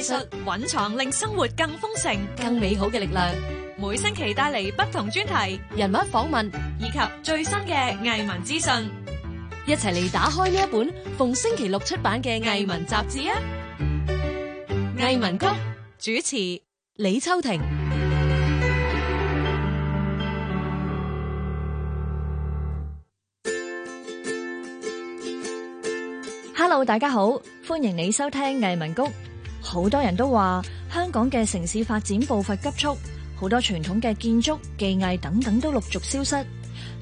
技術蘊藏令生活更豐盛、更美好嘅力量，每星期帶嚟不同專題、人物訪問以及最新嘅藝文資訊，一齊嚟打開呢一本逢星期六出版嘅藝文雜誌啊！藝文谷主持李秋婷，Hello，大家好，歡迎你收聽藝文谷。好多人都話香港嘅城市發展步伐急速，好多傳統嘅建築、技藝等等都陸續消失。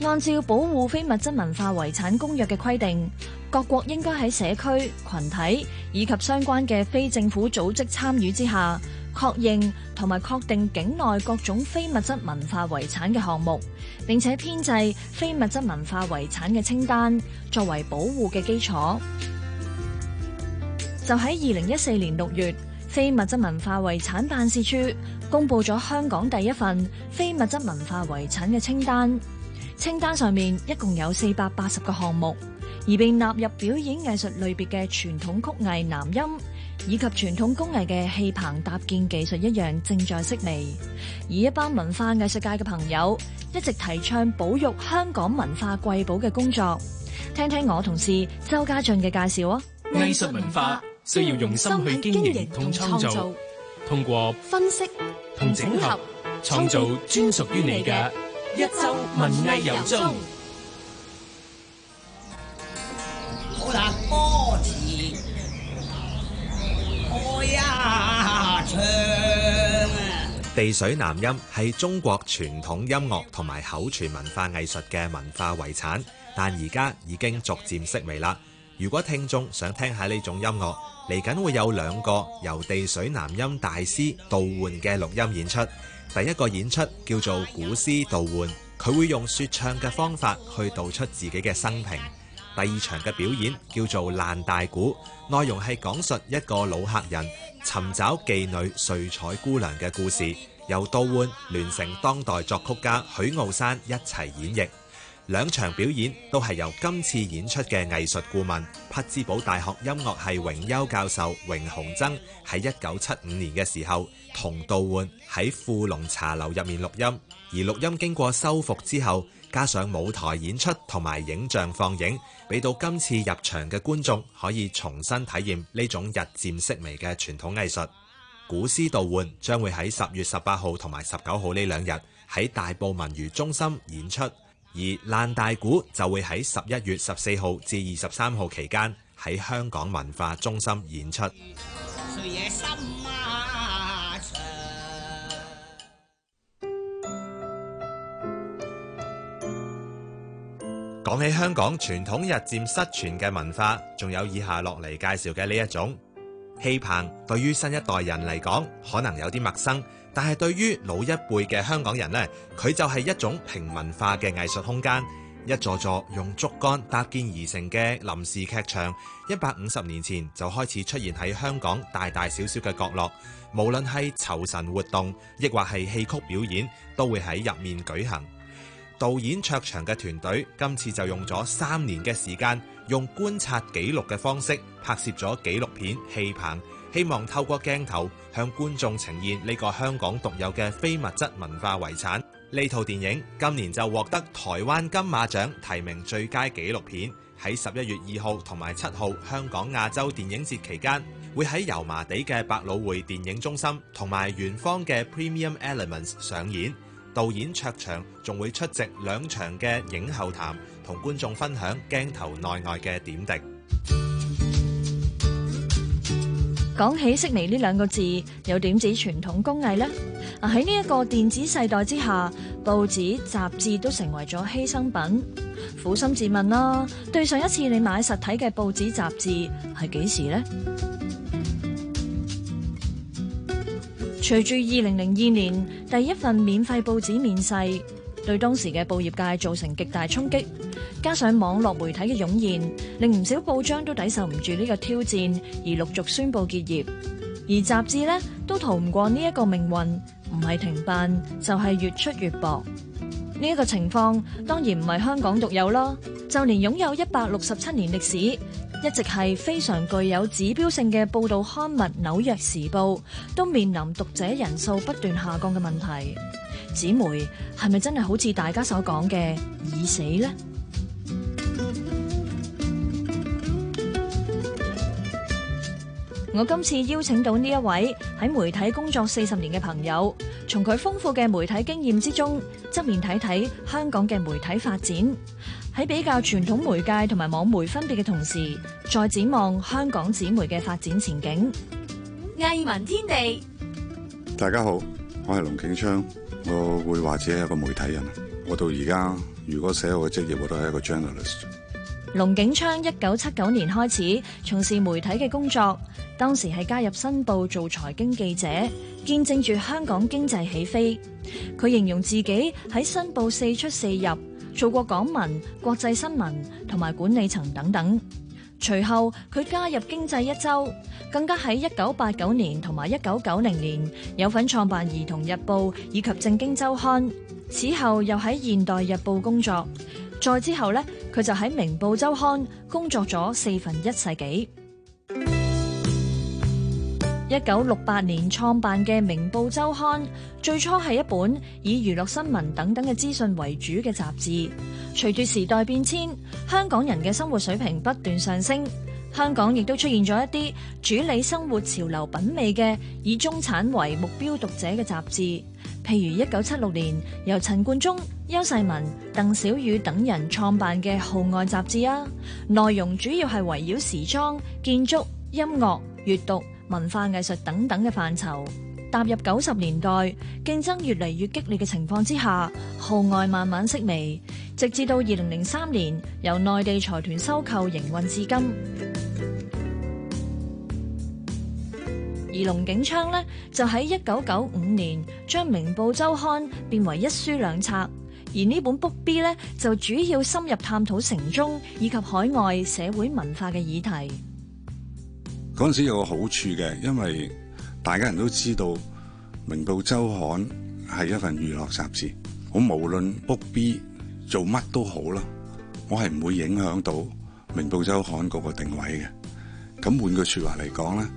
按照保護非物質文化遺產公約嘅規定，各國應該喺社區、群體以及相關嘅非政府組織參與之下，確認同埋確定境內各種非物質文化遺產嘅項目，並且編製非物質文化遺產嘅清單，作為保護嘅基礎。就喺二零一四年六月，非物質文化遺產辦事處公佈咗香港第一份非物質文化遺產嘅清單。清單上面一共有四百八十個項目，而被納入表演藝術類別嘅傳統曲藝南音，以及傳統工藝嘅戲棚搭建技術一樣正在式微。而一班文化藝術界嘅朋友一直提倡保育香港文化瑰寶嘅工作。聽聽我同事周家俊嘅介紹啊，藝術文化。需要用心去經營同創造，通過分析同整合，創造專屬於你嘅一週文藝遊蹤。好啦，歌詞，我呀唱啊，地水南音係中國傳統音樂同埋口傳文化藝術嘅文化遺產，但而家已經逐漸式微啦。如果聽眾想聽下呢種音樂，嚟緊會有兩個由地水南音大師杜煥嘅錄音演出。第一個演出叫做古詩杜煥，佢會用説唱嘅方法去道出自己嘅生平。第二場嘅表演叫做《爛大鼓》，內容係講述一個老客人尋找妓女睡彩姑娘嘅故事，由杜煥聯成當代作曲家許敖山一齊演繹。兩場表演都係由今次演出嘅藝術顧問，匹茲堡大學音樂系榮休教授榮鴻曾喺一九七五年嘅時候同杜煥喺富隆茶樓入面錄音，而錄音經過修復之後，加上舞台演出同埋影像放映，俾到今次入場嘅觀眾可以重新體驗呢種日漸式微嘅傳統藝術。瞽師杜煥將會喺十月十八號同埋十九號呢兩日喺大埔文娛中心演出。而爛大鼓就會喺十一月十四號至二十三號期間喺香港文化中心演出。講起香港傳統日漸失傳嘅文化，仲有以下落嚟介紹嘅呢一種戲棚，對於新一代人嚟講，可能有啲陌生。但係對於老一輩嘅香港人呢，佢就係一種平民化嘅藝術空間。一座座用竹竿搭建而成嘅臨時劇場，一百五十年前就開始出現喺香港大大小小嘅角落。無論係酬神活動，亦或係戲曲表演，都會喺入面舉行。導演卓翔嘅團隊今次就用咗三年嘅時間，用觀察記錄嘅方式拍攝咗紀錄片《戲棚》。希望透過鏡頭向觀眾呈現呢個香港獨有嘅非物質文化遺產。呢套電影今年就獲得台灣金馬獎提名最佳紀錄片。喺十一月二號同埋七號香港亞洲電影節期間，會喺油麻地嘅百老匯電影中心同埋圓方嘅 Premium Elements 上演。導演卓翔仲會出席兩場嘅影後談，同觀眾分享鏡頭內外嘅點滴。講起紙媒呢兩個字，又點止傳統工藝呢。喺呢一個電子世代之下，報紙、雜誌都成為咗犧牲品。苦心自問啦，對上一次你買實體嘅報紙、雜誌係幾時呢？隨住二零零二年第一份免費報紙面世，對當時嘅報業界造成極大衝擊，加上網絡媒體嘅湧現，令唔少報章都抵受唔住呢個挑戰，而陸續宣布結業。而雜誌呢都逃唔過呢一個命運，唔係停辦就係、是、越出越薄。呢、這、一個情況當然唔係香港獨有咯，就連擁有一百六十七年歷史、一直係非常具有指標性嘅報道刊物《紐約時報》都面臨讀者人數不斷下降嘅問題。紙媒係咪真係好似大家所講嘅已死呢？我今次邀請到呢一位喺媒體工作四十年嘅朋友，從佢豐富嘅媒體經驗之中，側面睇睇香港嘅媒體發展，喺比較傳統媒介同埋網媒分別嘅同時，再展望香港紙媒嘅發展前景。藝文天地，大家好，我係龍景昌。我會或者係一個媒體人，我到而家如果寫我嘅職業，我都係一個 journalist。龍景昌一九七九年開始從事媒體嘅工作，當時係加入《新報》做財經記者，見證住香港經濟起飛。佢形容自己喺《新報》四出四入，做過港聞、國際新聞同埋管理層等等。隨後佢加入經濟一周，更加喺一九八九年同埋一九九零年有份創辦兒童日報以及正經周刊。此後又喺現代日報工作，再之後呢，佢就喺明報周刊工作咗四分一世紀。一九六八年創辦嘅《明報周刊》，最初係一本以娛樂新聞等等嘅資訊為主嘅雜誌。隨住時代變遷，香港人嘅生活水平不斷上升，香港亦都出現咗一啲主理生活潮流品味嘅以中產為目標讀者嘅雜誌，譬如一九七六年由陳冠中、丘世文、鄧小宇等人創辦嘅《號外》雜誌啊，內容主要係圍繞時裝、建築、音樂、閱讀。文化藝術等等嘅範疇。踏入九十年代，競爭越嚟越激烈嘅情況之下，號外慢慢式微，直至到二零零三年由內地財團收購營運至今。而龍景昌呢，就喺一九九五年將《明報周刊》變為一書兩冊，而呢本 book B 呢就主要深入探討城中以及海外社會文化嘅議題。嗰陣時有個好處嘅，因為大家人都知道《明報週刊》係一份娛樂雜誌，我無論 book B 做乜都好啦，我係唔會影響到《明報週刊》嗰個定位嘅。咁換句説話嚟講呢，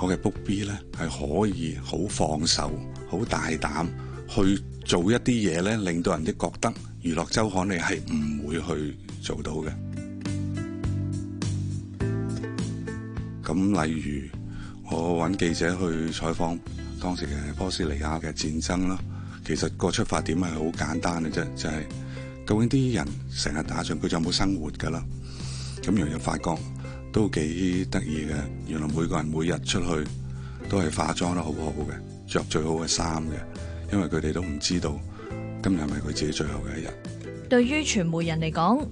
我嘅 book B 呢係可以好放手、好大膽去做一啲嘢呢，令到人哋覺得娛樂週刊你係唔會去做到嘅。咁例如我揾記者去採訪當時嘅波斯尼亞嘅戰爭啦，其實個出發點係好簡單嘅啫，就係究竟啲人成日打仗，佢仲有冇生活噶啦。咁樣又發覺都幾得意嘅，原來每個人每日出去都係化妝得好好嘅，着最好嘅衫嘅，因為佢哋都唔知道今日係咪佢自己最後嘅一日。對於傳媒人嚟講，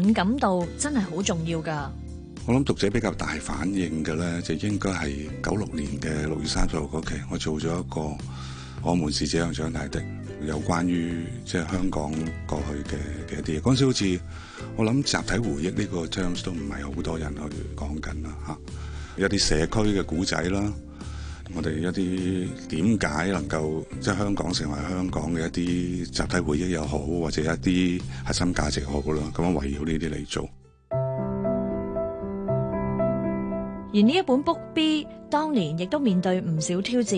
敏感度真係好重要㗎。我諗讀者比較大反應嘅咧，就應該係九六年嘅六月三十號嗰期，我做咗一個《我們是這樣長大的》，有關於即係香港過去嘅嘅一啲嘢。嗰時好似我諗集體回憶呢個 terms 都唔係好多人去講緊啦，吓一啲社區嘅古仔啦，我哋一啲點解能夠即係、就是、香港成為香港嘅一啲集體回憶又好，或者一啲核心價值好啦，咁樣圍繞呢啲嚟做。而呢一本 book B，當年亦都面對唔少挑戰，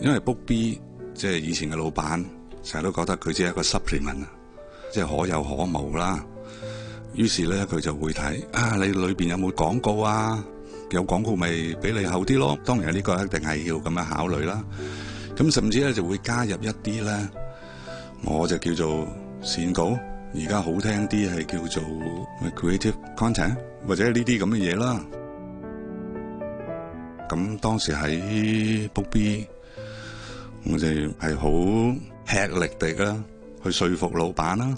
因為 book B 即係以前嘅老闆成日都覺得佢只係一個 supplement 啊，即係可有可無啦。於是咧佢就會睇啊，你裏面有冇廣告啊？有廣告咪俾你厚啲咯。當然呢個一定係要咁樣考慮啦。咁甚至咧就會加入一啲咧，我就叫做鱔稿，而家好聽啲係叫做 creative content，或者呢啲咁嘅嘢啦。咁當時喺 book B，我哋係好吃力地啦，去說服老闆啦，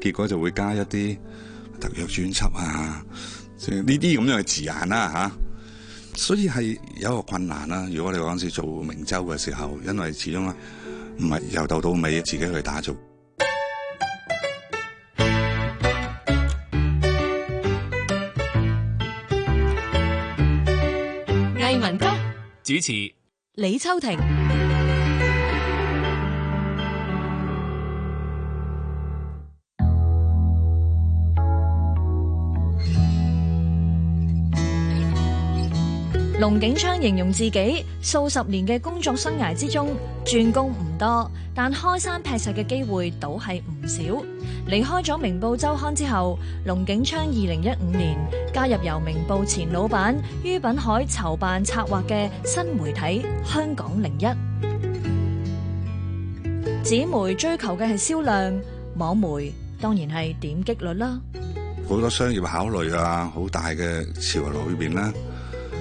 結果就會加一啲特約專輯啊，即係呢啲咁樣嘅字眼啦嚇。所以係有一個困難啦。如果你講起做明州嘅時候，因為始終咧唔係由頭到尾自己去打造。主持李秋婷。龍景昌2015年加入由明報前老闆,於品海籌辦策劃的新媒體,香港 01.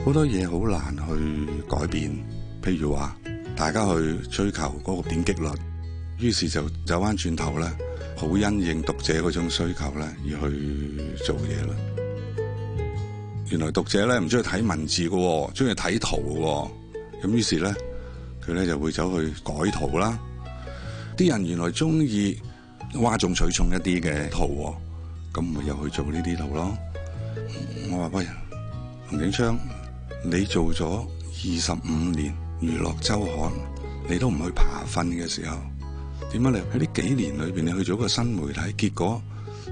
好多嘢好難去改變，譬如話大家去追求嗰個點擊率，於是就走翻轉頭咧，好因應讀者嗰種需求咧，而去做嘢啦。原來讀者咧唔中意睇文字嘅，中意睇圖喎。咁於是咧佢咧就會走去改圖啦。啲人原來中意嘩眾取寵一啲嘅圖，咁咪又去做呢啲圖咯。我話喂，龍景昌。你做咗二十五年娛樂周刊，你都唔去爬分嘅時候，點解你喺呢幾年裏邊，你去咗個新媒體，結果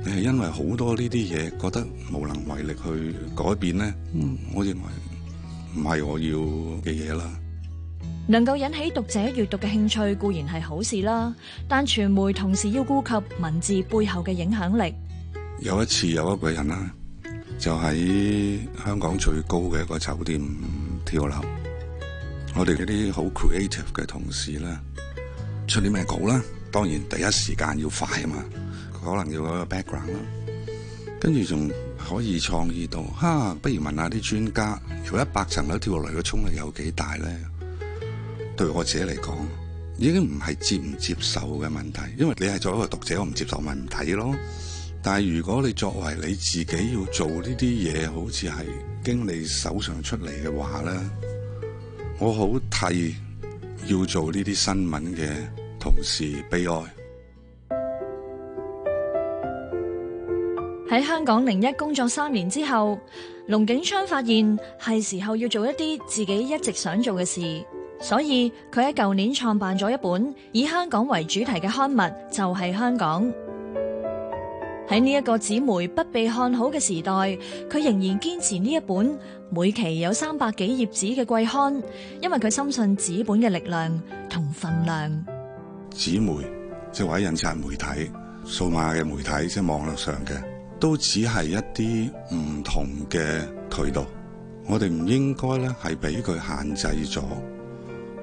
你係因為好多呢啲嘢，覺得無能為力去改變呢？嗯，我認為唔係我要嘅嘢啦。能夠引起讀者閱讀嘅興趣固然係好事啦，但傳媒同時要顧及文字背後嘅影響力。有一次，有一個人啦。就喺香港最高嘅一個酒店跳樓，我哋嗰啲好 creative 嘅同事咧，出啲咩稿啦，當然第一時間要快啊嘛，可能要有一個 background 啦，跟住仲可以創意到，哈、啊，不如問下啲專家，如果一百層樓跳落嚟嘅衝力有幾大咧？對我自己嚟講，已經唔係接唔接受嘅問題，因為你係作為一個讀者，我唔接受咪唔睇咯。但係如果你作為你自己要做呢啲嘢，好似係經你手上出嚟嘅話咧，我好替要做呢啲新聞嘅同事悲哀。喺香港零一工作三年之後，龍景昌發現係時候要做一啲自己一直想做嘅事，所以佢喺舊年創辦咗一本以香港為主題嘅刊物，就係、是《香港》。喺呢一個紙媒不被看好嘅時代，佢仍然堅持呢一本每期有三百幾頁紙嘅季刊，因為佢深信紙本嘅力量同份量。紙媒即係話印刷媒體、數碼嘅媒體，即係網絡上嘅，都只係一啲唔同嘅渠道。我哋唔應該咧係俾佢限制咗。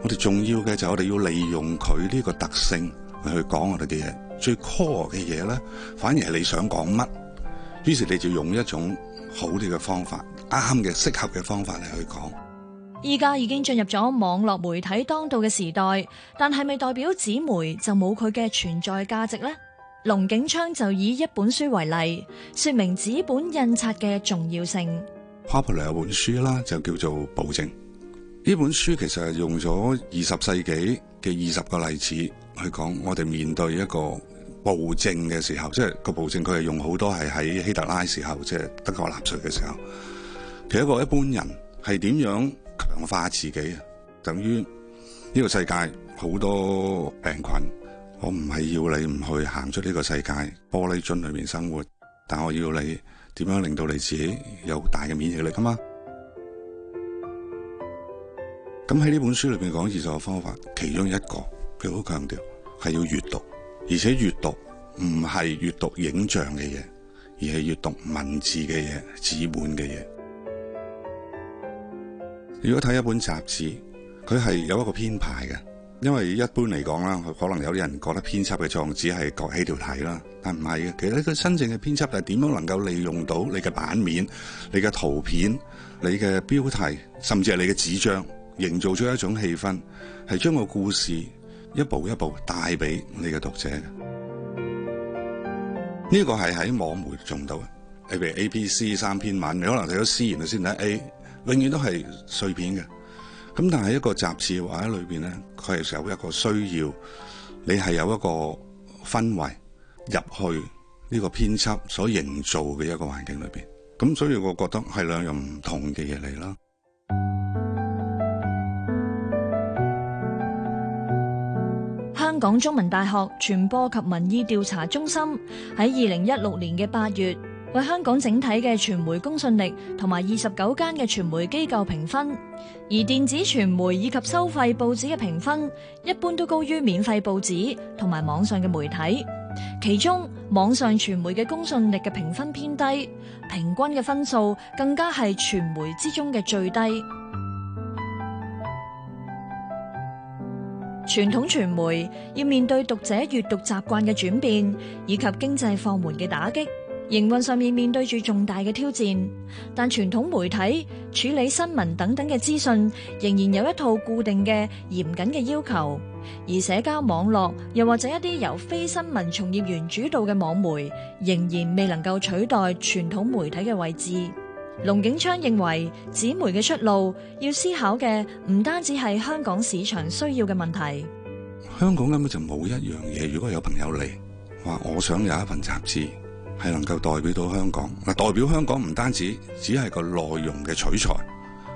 我哋重要嘅就係我哋要利用佢呢個特性去講我哋啲嘢。最 core 嘅嘢咧，反而係你想講乜，於是你就用一種好啲嘅方法，啱啱嘅適合嘅方法嚟去講。依家已經進入咗網絡媒體當道嘅時代，但係咪代表紙媒就冇佢嘅存在價值咧？龍景昌就以一本書為例，說明紙本印刷嘅重要性。哈佛有本書啦，就叫做《保證》。呢本書其實係用咗二十世紀嘅二十個例子去講我哋面對一個。暴政嘅時候，即係個暴政，佢係用好多係喺希特拉時候，即係德國納粹嘅時候。其實一個一般人係點樣強化自己啊？等於呢個世界好多病菌，我唔係要你唔去行出呢個世界玻璃樽裏面生活，但我要你點樣令到你自己有大嘅免疫力噶嘛？咁喺呢本書裏邊講二十個方法，其中一個佢好強調係要閱讀。而且閱讀唔係閱讀影像嘅嘢，而係閱讀文字嘅嘢、紙本嘅嘢。如果睇一本雜誌，佢係有一個編排嘅，因為一般嚟講啦，佢可能有啲人覺得編輯嘅創子係崛起條題啦，但唔係嘅，其實一個真正嘅編輯係點樣能夠利用到你嘅版面、你嘅圖片、你嘅標題，甚至係你嘅紙張，營造出一種氣氛，係將個故事一步一步帶俾你嘅讀者嘅，呢個係喺網媒做到嘅，譬如 ABC 三篇文，你可能睇到詩言》啦先睇 A，永遠都係碎片嘅。咁但係一個雜誌嘅話喺裏邊咧，佢係有一個需要，你係有一個氛圍入去呢個編輯所營造嘅一個環境裏邊。咁所以我覺得係兩樣唔同嘅嘢嚟啦。香港中文大學傳播及民意調查中心喺二零一六年嘅八月，為香港整體嘅傳媒公信力同埋二十九間嘅傳媒機構評分，而電子傳媒以及收費報紙嘅評分一般都高於免費報紙同埋網上嘅媒體，其中網上傳媒嘅公信力嘅評分偏低，平均嘅分數更加係傳媒之中嘅最低。傳統傳媒要面對讀者閱讀習慣嘅轉變，以及經濟放緩嘅打擊，營運上面面對住重大嘅挑戰。但傳統媒體處理新聞等等嘅資訊，仍然有一套固定嘅嚴謹嘅要求。而社交網絡又或者一啲由非新聞從業員主導嘅網媒，仍然未能夠取代傳統媒體嘅位置。龍景昌認為紙媒嘅出路要思考嘅唔單止係香港市場需要嘅問題。香港根本就冇一樣嘢，如果有朋友嚟話，我想有一份雜誌係能夠代表到香港。嗱，代表香港唔單止只係個內容嘅取材，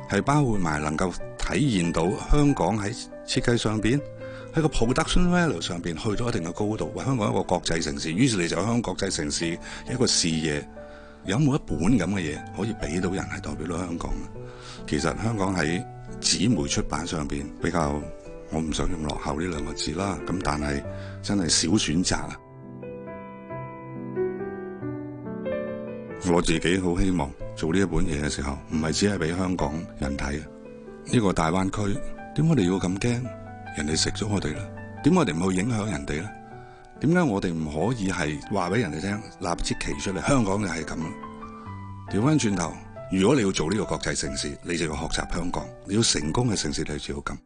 係包括埋能夠體現到香港喺設計上邊，喺個 production value 上邊去到一定嘅高度。話香港一個國際城市，於是你就香港國際城市一個視野。有冇一本咁嘅嘢可以俾到人係代表到香港？其實香港喺紙媒出版上面比較，我唔想用落後呢兩個字啦。咁但係真係少選擇啊！我自己好希望做呢一本嘢嘅時候，唔係只係俾香港人睇啊！呢個大灣區，點解我哋要咁驚人哋食咗我哋咧？點解我哋唔去影響人哋咧？點解我哋唔可以係話俾人哋聽，立即企出嚟？香港就係咁啦。調翻轉頭，如果你要做呢個國際城市，你就要學習香港。你要成功嘅城市你就係要咁。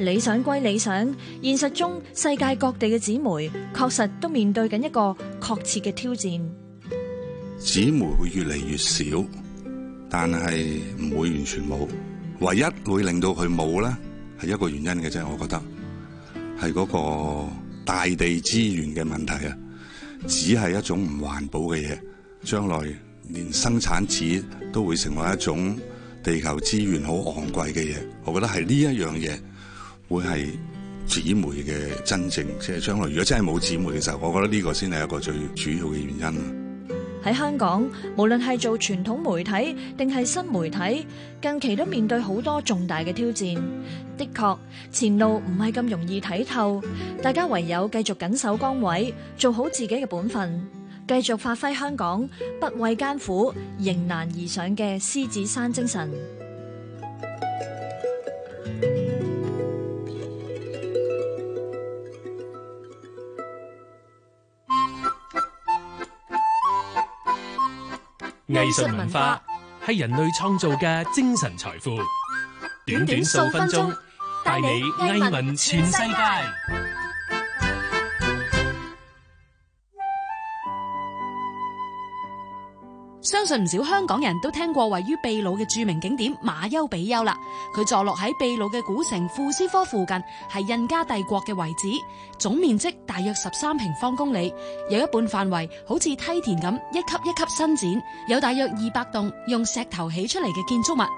理想歸理想，現實中世界各地嘅紙媒確實都面對緊一個確切嘅挑戰。紙媒會越嚟越少，但係唔會完全冇。唯一會令到佢冇咧，係一個原因嘅啫，我覺得係嗰個大地資源嘅問題啊，紙係一種唔環保嘅嘢，將來連生產紙都會成為一種地球資源好昂貴嘅嘢。我覺得係呢一樣嘢會係紙媒嘅真正，即係將來如果真係冇紙媒嘅時候，我覺得呢個先係一個最主要嘅原因。喺香港，無論係做傳統媒體定係新媒體，近期都面對好多重大嘅挑戰。的確，前路唔係咁容易睇透，大家唯有繼續緊守崗位，做好自己嘅本分，繼續發揮香港不畏艱苦、迎難而上嘅獅子山精神。藝術文化係人類創造嘅精神財富。短短數分鐘，帶你藝文全世界。相信唔少香港人都聽過位於秘魯嘅著名景點馬丘比丘啦，佢坐落喺秘魯嘅古城庫斯科附近，係印加帝國嘅遺址，總面積大約十三平方公里，有一半範圍好似梯田咁一級一級伸展，有大約二百棟用石頭起出嚟嘅建築物。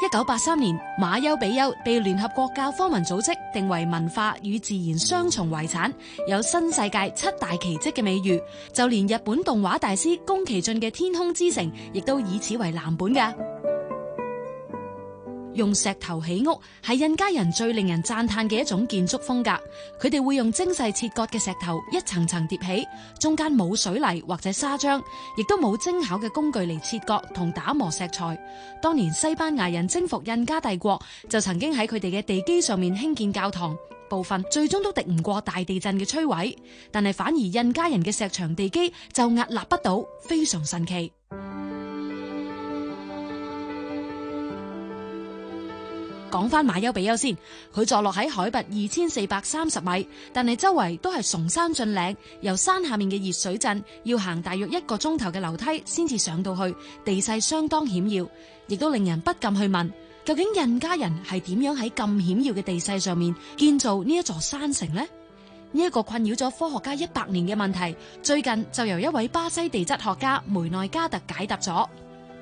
一九八三年，馬丘比丘被聯合國教科文組織定為文化與自然雙重遺產，有新世界七大奇蹟嘅美譽。就連日本動畫大師宮崎駿嘅《天空之城》亦都以此為藍本㗎。用石頭起屋，係印加人最令人讚嘆嘅一種建築風格。佢哋會用精細切割嘅石頭一層層疊起，中間冇水泥或者砂漿，亦都冇精巧嘅工具嚟切割同打磨石材。當年西班牙人征服印加帝國，就曾經喺佢哋嘅地基上面興建教堂，部分最終都敵唔過大地震嘅摧毀，但係反而印加人嘅石牆地基就屹立不倒，非常神奇。講翻馬丘比丘先，佢坐落喺海拔二千四百三十米，但係周圍都係崇山峻嶺，由山下面嘅熱水鎮要行大約一個鐘頭嘅樓梯先至上到去，地勢相當險要，亦都令人不禁去問，究竟印加人係點樣喺咁險要嘅地勢上面建造呢一座山城呢？呢、呢、一個困擾咗科學家一百年嘅問題，最近就由一位巴西地質學家梅內加特解答咗。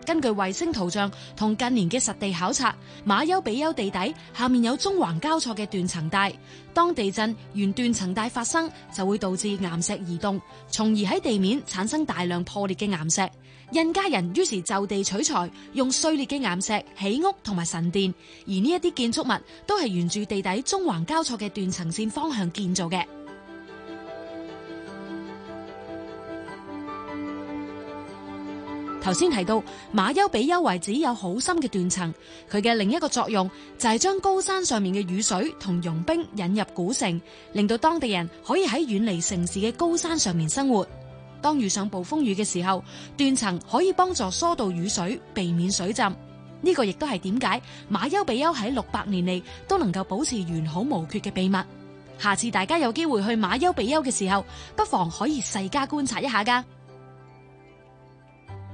根據衛星圖像同近年嘅實地考察，馬丘比丘地底下面有縱橫交錯嘅斷層帶。當地震沿斷層帶發生，就會導致岩石移動，從而喺地面產生大量破裂嘅岩石。印加人於是就地取材，用碎裂嘅岩石起屋同埋神殿。而呢一啲建築物都係沿住地底縱橫交錯嘅斷層線方向建造嘅。頭先提到馬丘比丘遺址有好深嘅斷層，佢嘅另一個作用就係、是、將高山上面嘅雨水同融冰引入古城，令到當地人可以喺遠離城市嘅高山上面生活。當遇上暴風雨嘅時候，斷層可以幫助疏導雨水，避免水浸。呢、這個亦都係點解馬丘比丘喺六百年嚟都能夠保持完好無缺嘅秘密。下次大家有機會去馬丘比丘嘅時候，不妨可以細加觀察一下噶。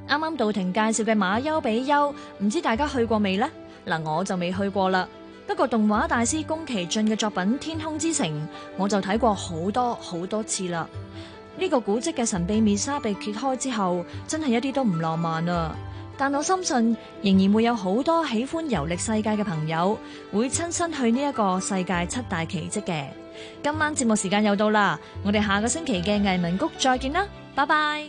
啱啱道庭介紹嘅馬丘比丘，唔知大家去過未呢？嗱，我就未去過啦。不過動畫大師宮崎駿嘅作品《天空之城》，我就睇過好多好多次啦。呢個古蹟嘅神秘面紗被揭開之後，真係一啲都唔浪漫啊！但我深信，仍然會有好多喜歡遊歷世界嘅朋友，會親身去呢一個世界七大奇蹟嘅。今晚節目時間又到啦，我哋下個星期嘅藝文谷再見啦，拜拜。